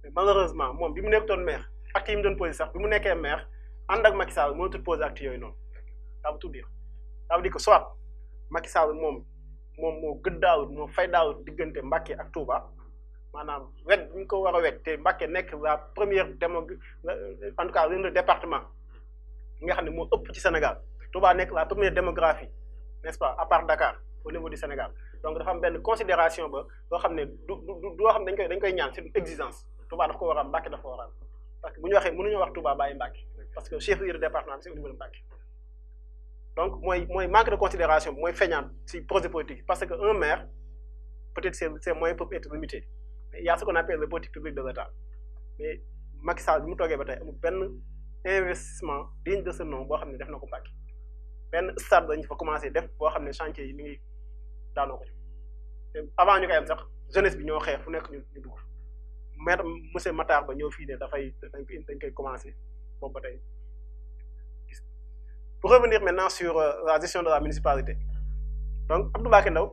[SPEAKER 3] mais malheureusement moom bi mu nekk toon maire acte yi mu doon posé sax bi mu nekkee maire ànd ak Macky Sall mënatul posé acte yooyu noonu ça veut tout dire ça veut dire que soit Macky Sall moom moom moo gëddaawut moo faydaawut diggante Mbacké ak Touba maanaam wet bi ko war a wet te Mbacké nekk la première démo en tout cas l'un des départements nga xam ne moo ëpp ci Sénégal Touba nekk la première démographie n'est-ce pas à part Dakar au niveau du Sénégal donc dafa am benn considération ba loo xam ne du du loo xam ne dañ koy dañ koy ñaan c'est une exigence Touba daf ko war a am Mbacké dafa war a parce que buñ ñu mënuñu wax Touba Baye Mbacke parce que chef lieu département c'est au niveau de donc moy moy manque de considération moy mooy ci projet politique parce que un maire peut-être c'est ses moyens peut être limité. mais il y a ce qu'on appelle le politique publique de l'État mais Macky Sall bi mu toogee ba tey amul benn investissement digne de ce nom bo xam ne def na ko Mbacke benn stade lañu fa commencé def bo xam chantier yi mi ngi daanoo ko avant ñu koy am sax jeunesse bi ñoo xex fu nekk ñu ñu dugg maire monsieur Matar ba ñëw fii ne dafay dañ koy dañ koy commencé boobu ba tey pour revenir maintenant sur euh, la gestion de la municipalité donc Abdou Mbacké Ndao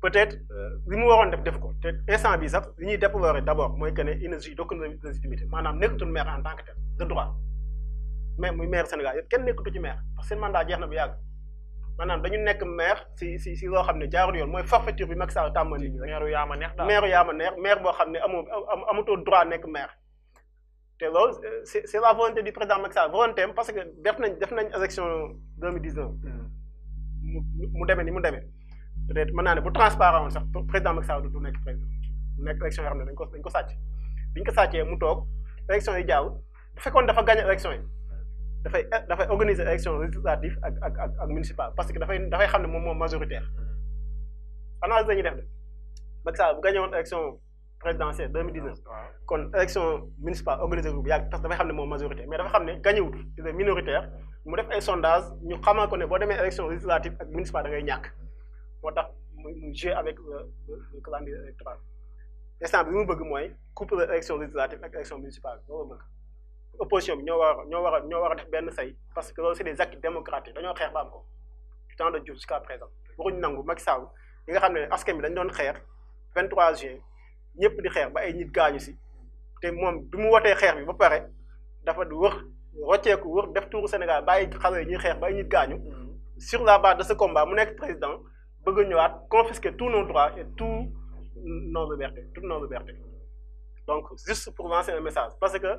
[SPEAKER 3] peut-être euh, li mu waroon def def ko te instant bi sax li ñuy déplorer d'abord mooy que ne énergie d'aucune légitimité maanaam nekkatul maire en tant que tel de droit mais muy maire Sénégal yëpp kenn nekkatu ci maire parce que seen mandat jeex na bu yàgg maanaam dañu nekk maire si si si loo xam ne jaarul yoon mooy forfaiture bi Macky Sall tàmmal nit ñi. maire ma neex daal boo xam ne amoo amatoo droit nekk maire. te loolu c'est c'est la volonté du président Macky Sall volonté am parce que def nañ def nañ élection 2019. mu mu demee ni mu demee peut-être mën naa ne bu transparent woon sax président Macky Sall du nekk président du nekk élection yoo xam ne dañ ko sàcc. biñ ko sàccee mu toog élection yi jaaw bu fekkoon dafa gagné élection yi. dafay eh, dafay organiser élection législative ak ak ak ak municipal parce que dafay dafay xam ne moom moom majoritaire mm-hmm. analyse dañuy def de Macky Sall bu gagné woon élection présidentielle 2019 kon élection municipale organisé groupe bu yàgg parce que dafay xam ne moom majorité mais dafa xam ne gagné il est minoritaire mu def ay sondage ñu xamal ko ne boo demee élection législative ak municipal da ngay ñàkk moo tax mu jouer avec le calendrier électoral instant bi mu bëgg mooy couple élection législative ak élection municipale loolu bëgg opposition bi ñoo war ñoo war ñoo war def benn say parce que loolu c'est des actes démocratiques dañoo xeex ba am ko du temps de Diouf jusqu'à présent waxuñu nangu Macky Sall li nga xam ne askan bi dañ doon xeex 23 juin ñëpp di xeex ba ay nit gaañu si te moom bi mu wotee xeex bi ba pare dafa wax rocceeku wër def tour Sénégal bàyyi xale yi ñuy xeex ba ay nit gaañu mm-hmm. sur la base de ce combat mu nekk président bëgg a ñëwaat confisquer tous nos droits et tout nos libertés tout nos libertés donc juste pour lancer un message parce que euh,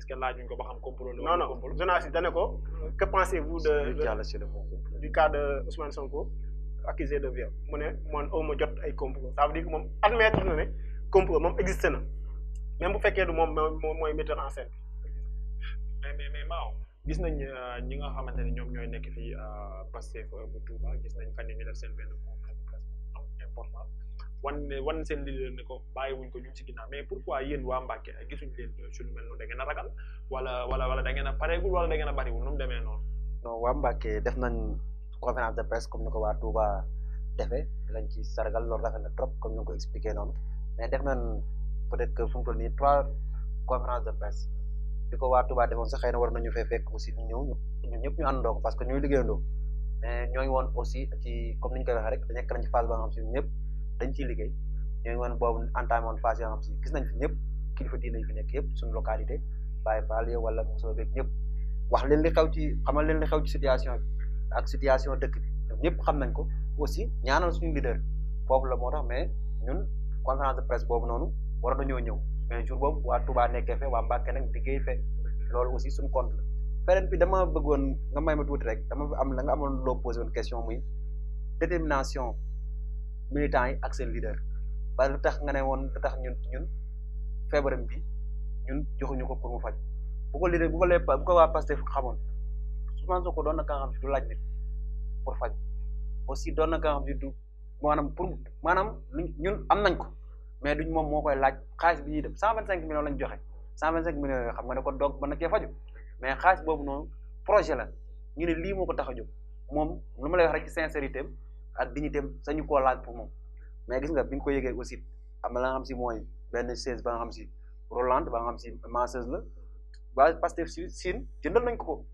[SPEAKER 1] est-ce que laajuñ ko ba xam complot
[SPEAKER 3] la. non non journaliste yi dane ko. que pensez-vous de du cas de Ousmane Sonko accusé de viol mu ne man aw ma jot ay complot ça veut dire que moom admettre na ne complot moom existé na même bu fekkee du moom moom mooy metteur en scène.
[SPEAKER 1] mais mais mais Mao gis nañ euh, ñi nga xamante ne ñoom ñooy nekk fii euh, Pastef euh, bu Touba gis nañ fan yii ñu def seen benn. wane wane wan seen leader ne ko bàyyi wuñ ko ñu ci ginnaaw mais pourquoi yéen waa Mbàkke gisuñ leen ci lu mel noonu da ngeen a ragal wala wala wala da ngeen a pareegul wala da ngeen a bariwul nu mu demee noonu
[SPEAKER 2] non waa Mbàkke def nañ conférence de presse comme ni ko waa Touba defee lañ ci sargal loolu rafet na trop comme ni ko expliqué noonu mais def nañ peut être que fu mu toll nii trois conférence de presse bi ko waa Touba defoon sax xëy na war nañu fee fekk aussi ñu ñëw ñu ñëpp ñu àndandoo ko parce que ñooy liggéeyandoo mais ñoo ngi woon aussi ci comme niñ koy waxee rek nekk nañ ci phase ba nga xam si ñëpp dañ ciy liggéey ñooy woon boobu entamé woon phase si gis nañ fi ñëpp kilifa diine yi fi nekk yëpp suñu localité Baye Fall wala mosoo beeg ñëpp wax leen li xew ci xamal leen li xew ci situation bi ak situation dëkk bi ñëpp xam nañ ko aussi ñaana suñ leader foofu la moo tax mais ñun conférence de presse boobu noonu waroon nañoo ñëw mais jour boobu waa Touba nekkee fe waa Mbàkke nag liggéey fe loolu aussi suñ compte la feneen bi dama bëggoon nga may ma tuuti rek dama am la nga amoon loo posé woon question muy détermination militants yi ak seen leader ba lu tax nga ne woon lu tax ñun ñun feebara bi ñun joxuñu ko pour mu faj bu ko leader bu ko lee bu ko waa Pastef xamoon Ousmane Sonko doon na ka xam si du laaj nit pour faj aussi doon na ka nga xam si du maanaam pour maanaam ñun am nañ ko mais duñ moom moo koy laaj xaalis bi ñuy dem cent vingt cinq millions lañ joxe cent vingt cinq millions yoo xam nga ne ko donc mën na cee faju mais xaalis boobu noonu projet la ñu ne lii moo ko tax a jóg moom lu ma la wax rek ci sincérité ak dignité sañu koo laaj pour moom mais gis nga bi ñu ko yëgee aussi am na la nga xam si mooy benn chaise ba nga xam si Roland ba xam si masseuse la waa Pastef si Sine jëndal nañ ko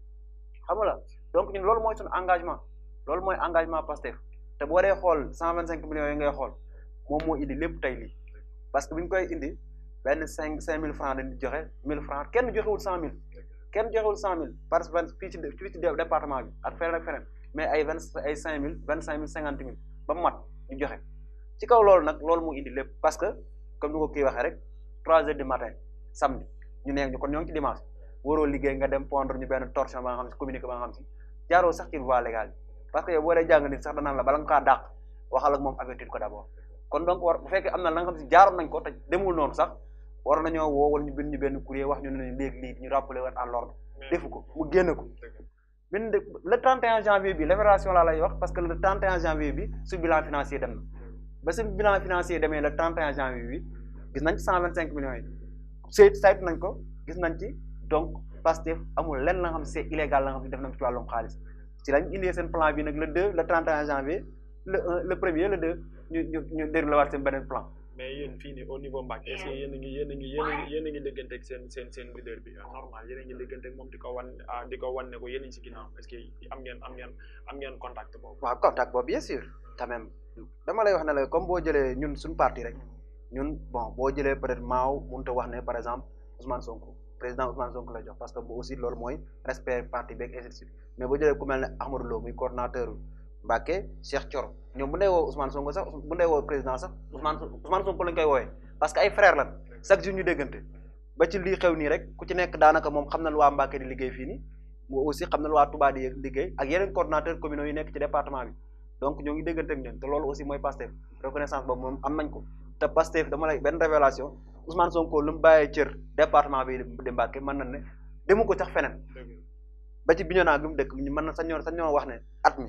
[SPEAKER 2] donc ñun loolu mooy engagement loolu mooy engagement Pastef te boo dee xool cent vingt cinq millions yi ngay xool moom indi lépp tey parce que bi koy indi benn cinq cinq mille francs dañuy joxe mille francs kenn joxewul cent mille cent mille parce que fii ci département bi mais ay vingt ay cinq mille vingt cinq mille cinquante mille ba mu mat ñu joxe ci kaw loolu nag loolu moo indi lépp parce que comme ni ko kii rek trois heures du matin samedi ñu ne ñu kon ñoo ngi ci dimanche waroo liggéey nga dem pondre ñu benn torsion ba nga xam si communiqué ba xam si jaaroo sax ci voie légale parce que yow boo dee jàng sax danaan la bala nga kaa dàq waxal ak moom avertir ko d' abord kon donc war bu fekkee am na la nga xam si jaaroon nañ ko te demul noonu wax ñu ne léegi lii ñu rappelé waat en l'ordre mm. benn de le 31 janvier bi libération laa lay wax parce que le 31 janvier bi su bilan financier dem na ba su bilan financier demee le 31 janvier bi gis nañ ci 125 millions yi seet saytu nañ ko gis nañ ci donc Pastef amul lenn la nga xam ne c'est illégal la nga xam ne def nañ ci wàllum xaalis ci lañ indee seen plan bi nag le 2 le 31 janvier le 1 le premier le 2 ñu ñu ñu déroulé plan.
[SPEAKER 1] mais yéen fii nii au niveau Mbacké est-ce que yéen a ngi yéen a ngi yéen a ngi yéen seen seen seen leader bi ah, normal yéen a ngi déggante ak moom di ko wan ah, di ko wan ne ko yéen a ngi si ginnaaw est que am ngeen am ngeen am ngeen contact boobu waaw contact
[SPEAKER 2] boobu bien sûr quand même dama lay wax ne la comme boo jëlee ñun suñu parti rek ñun bon boo jëlee peut-être maaw mënut a wax ne par exemple Ousmane Sonko président Ousmane Sonko la jox parce que bu aussi loolu mooy respect parti beeg et mais bo jëlee ku mel ne Amadou Lo muy coordonnateur Mbacké Cheikh Thioro ñoom bu ndey woo Ousmane Sonko sax bu ndey woo président sax Ousmane Ousmane Sonko lañ wo woowee parce que ay frère lan chaque jour ñu déggante ba ci lii xew nii rek ku ci nekk daanaka moom xam na lu waa Mbacké di liggéey fii aussi xam na lu waa Touba di liggéey ak yeneen coordonnateurs communaux yi nekk ci département bi donc ñoo ngi déggante ak aussi moy Pastef reconnaissance boobu moom am nañ ko te Pastef dama lay benn révélation Ousmane Sonko lu mu bàyyee cër département bi di Mbacké mën na ne demu ko sax feneen ba ci Bignona bi mu dëkk mën na sañoon sañoon wax ne at mi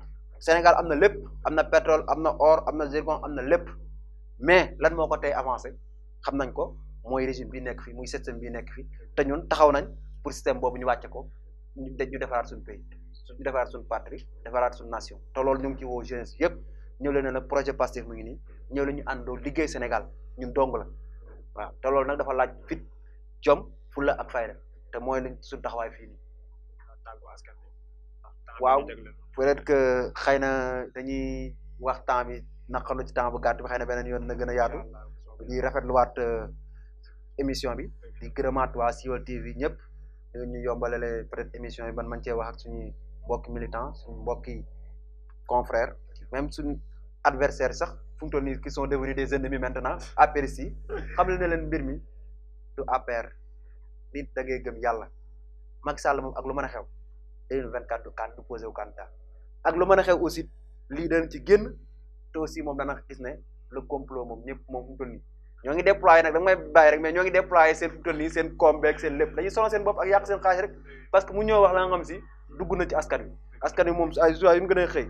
[SPEAKER 2] Sénégal am na lépp am na pétrole am na or am na zircon am na lépp mais lan moo ko tey avancé xam nañ ko mooy régime bi nekk fi muy système bi nekk fi te ñun taxaw nañ pour système boobu ñu wàcce ko ñu ñu defaraat suñu pays ñu defaraat suñu patrie defaraat suñu nation te lool ñu ngi ci woo jeunesse yëpp ñëw leen ne nag projet Pastef mu ngi nii ñëw leen ñu àndoo liggéey Sénégal ñun dong la waaw te loolu nag dafa laaj fit jom fulla ak fayda te mooy lañ suñu taxawaay fii waaw peut-être que xeyna dañuy wax temps bi naqalu ci temps bu gatt bi xeyna benen yoon na gëna yaatu di rafetlu wat émission bi di gërëmaat wa siwal tv ñëpp ñu yombalale peut-être émission yi ban man ci wax ak suñu mbokk militant suñu mbokk confrère même suñu adversaire sax fu mu toll nii qui sont devenus des ennemis maintenant APR si xam na leen mbir mi du APR nit da ngay gëm yalla Macky Sall mom ak lu mëna xew 2024 du kan du poser au candidat ak lu mëna xew aussi li dañ ci génn te aussi moom dana gis ne le complot moom ñëpp moom fu tonni ñoo ngi déployer nak da may bay rek mais ñoo ngi déployer seen fu mu toll nii seen lepp dañuy solo seen bopp ak yàq seen xaalis rek parce que mu ñoo wax la nga xam si dugg na ci askan wi askan wi moom ay joie yu mu gën a xëy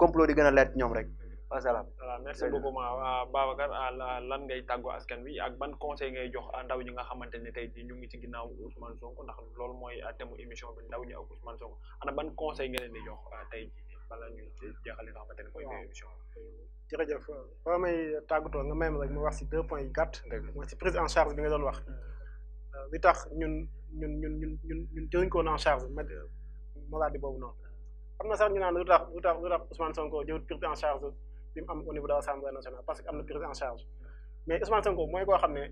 [SPEAKER 2] complot di gën a leer ñoom rek wasalaam voilà merci beaucoup ma
[SPEAKER 1] Babacar ah, lan ngay tàggoo askan wi ak ban conseil ngay jox ah, ndaw ñi nga xamante ne tey ñu ngi ci ginnaaw Ousmane Sonko ndax loolu mooy thème émission bi ndaw ñi ak Ousmane Sonko ana ban conseil ngeen di jox ah, tey jii bala ñuy jeexale nga xamante ne koy biir émission
[SPEAKER 3] jërëjëf boo may tàggatoo nga may ma rek ma wax si deux points yu gàtt mooy si prise en charge bi nga doon wax euh, li tax ñun ñun ñun ñun ñun ñun jëriñ ko woon en charge maladie boobu noonu am na sax ñu naan lu tax lu tax lu tax Ousmane Sonko jëwut prise en charge bi mu am au niveau de l'Assemblée nationale parce que am na prise en charge mais Ousmane Sonko mooy koo xam ne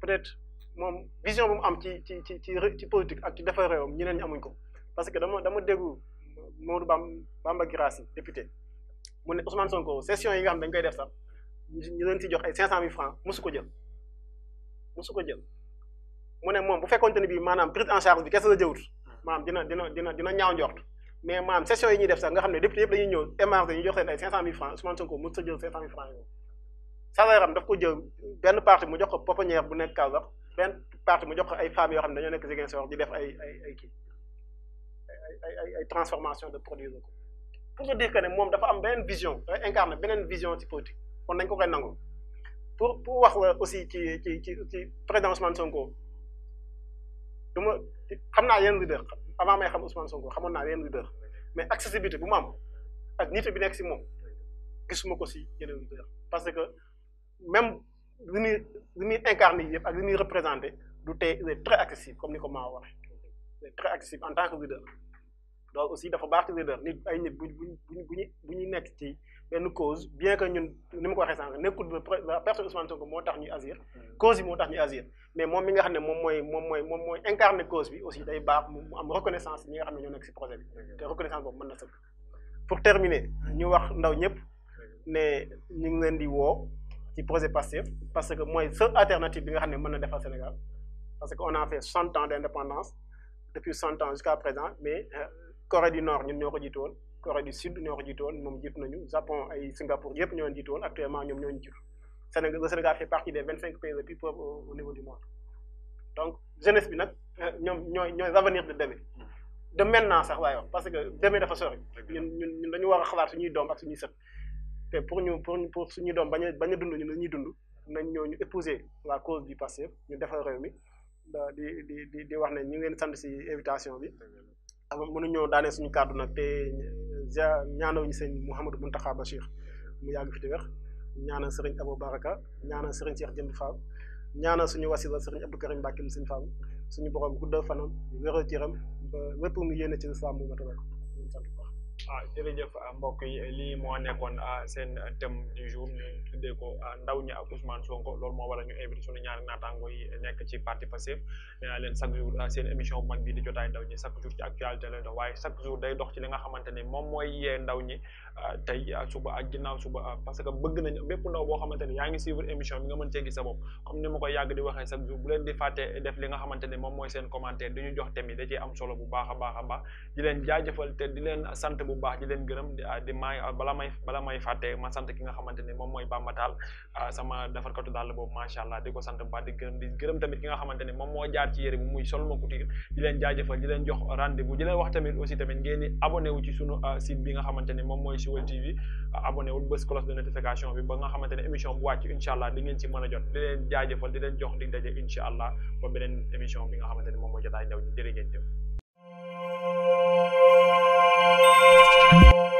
[SPEAKER 3] peut-être moom vision bu mu am ci ci ci ci politique ak ci defar réewam ñeneen ñi amuñ ko parce que dama dama déggu Mamadou ba Bamba Girassi député mu ne Ousmane Sonko session yi nga xam dañ koy def sax ñu leen ci jox ay cinq cent mille francs mosu ko jël mosu ko jël mu ne moom bu fekkoonte ne bii maanaam prise en charge bi kese la jëwut maanaam dina dina dina ñaaw njort mais maanaam session yi ñuy def sax nga xam ne député yëpp dañuy ñëw émargé ñu jox leen ay cinq cent mille francs Ousmane Sonko mosu ko jël cinq cent mille francs yooyu salaire am daf ko jël benn parti mu jox ko pouponnière bu nekk Kaolack benn parti mu jox ko ay yoo xam ne dañoo nekk Ziguinchor di def ay ay transformation de produits locaux pour dire que moi, moom dafa une vision incarner incarné vision politique kon a ko koy nangoo pour pour wax aussi ci ci ci président Ousmane Sonko du ma xam rien de leader avant may xam Ousmane Sonko xamoon naa yenn leader mais accessibilité bu ma am ak nit bi nekk si moom gisuma ko leader parce que même ce muy li incarné yëpp ak représenté c'est très accessible comme ni m'a maa C'est très accessible en tant que leader donc aussi dafa baax ci leader nit ay nit bu bu bu bu ñu nekk ci benn cause bien que ñun ni ma ko waxee sànq nekkul la personne Ousmane Sonko moo tax ñuy agir mm. cause yi moo tax ñuy agir mais moom mi nga xam ne moom mooy moom mooy moom mooy incarner cause bi aussi day baax mu am reconnaissance ñi nga xam ne ñoo nekk si projet bi mm. te reconnaissance boobu mën na sëkk pour terminer ñu wax ndaw ñëpp ne ñu ngi leen di woo ci projet passif parce que mooy seule alternative bi nga xam ne mën na defal Sénégal parce que on a fait 60 ans d' indépendance depuis 60 ans jusqu'à présent mais euh, Corée du Nord ñun ñoko ko Corée du Sud ñoko ko mom jitt nañu Japon ay Singapour yépp ñoo leen actuellement ñom ñoo ñu Sénégal le Sénégal fait partie des 25 pays les plus pauvres au niveau du monde donc jeunesse bi nak euh, ñom ñoy ñoy avenir de demain de maintenant sax waaye wax parce que demain dafa sori ñun ñun ñun dañu wara a xalaat suñuy doom ak suñuy sët té pour ñu pour pour suñuy doom baña a bañ a dañuy dundu nañ ñoo ñu épouser la cause du passé ñu defal réew mi di di di di wax ne ñu ngi leen sant si invitation bi am mënuñoo daane suñu kàddu nag te ñaanal ñu sëñ Mouhamadou Mountakha Bachir mu yàgg fi te wér ñaanal sëriñ Abou Baraka ñaana sëriñ Cheikh Jëmb Fall ñaanal suñu wasila sëriñ Abdou Karim Mbacke mu sëñ Fall suñu borom guddal fanam wéral ci yaram ba lépp mu yéene ci lislaam mu matal
[SPEAKER 1] ah jërëjëf ah, mbokk yi lii moo nekkoon ah, seen thème du jour ñu tuddee ko ah, ndaw ñi ak Ousmane Sonko loolu moo waral ñu invité sunu ñaari naataango yi nekk ci parti Pastef nee eh, naa leen chaque jour seen émission bu mag bii jotaay ndaw ñi chaque jour ci actualité dox waaye chaque jour day dox ci li nga xamante ni mooy yee ndaw ñi tey suba ak ginnaaw suba parce que bëgg na bépp ndaw boo xamante ni yaa ngi suivre émission bi nga mën cee gis comme ni koy yàgg di bu baax di leen gërëm di ah, may ah, bala may bala may ma sant ki nga xamante moom mooy Bamba Tall ah, sama defarkatu dàll boobu macha allah di ko sant bu baax di gërëm tamit ki nga xamante ne moom moo jaar ci yére bu muy Solma Couture di leen jaajëfal di leen jox mooy Siweul TV abonné wul bés cloche de notification bi ba nga xamante ne émission bu wàcc incha allah di ngeen ci mën a jot di leen jaajëfal di leen jox di daje incha allah ba beneen émission bi nga xamante moom mooy jotaay ndaw ñi jërë ngeen you.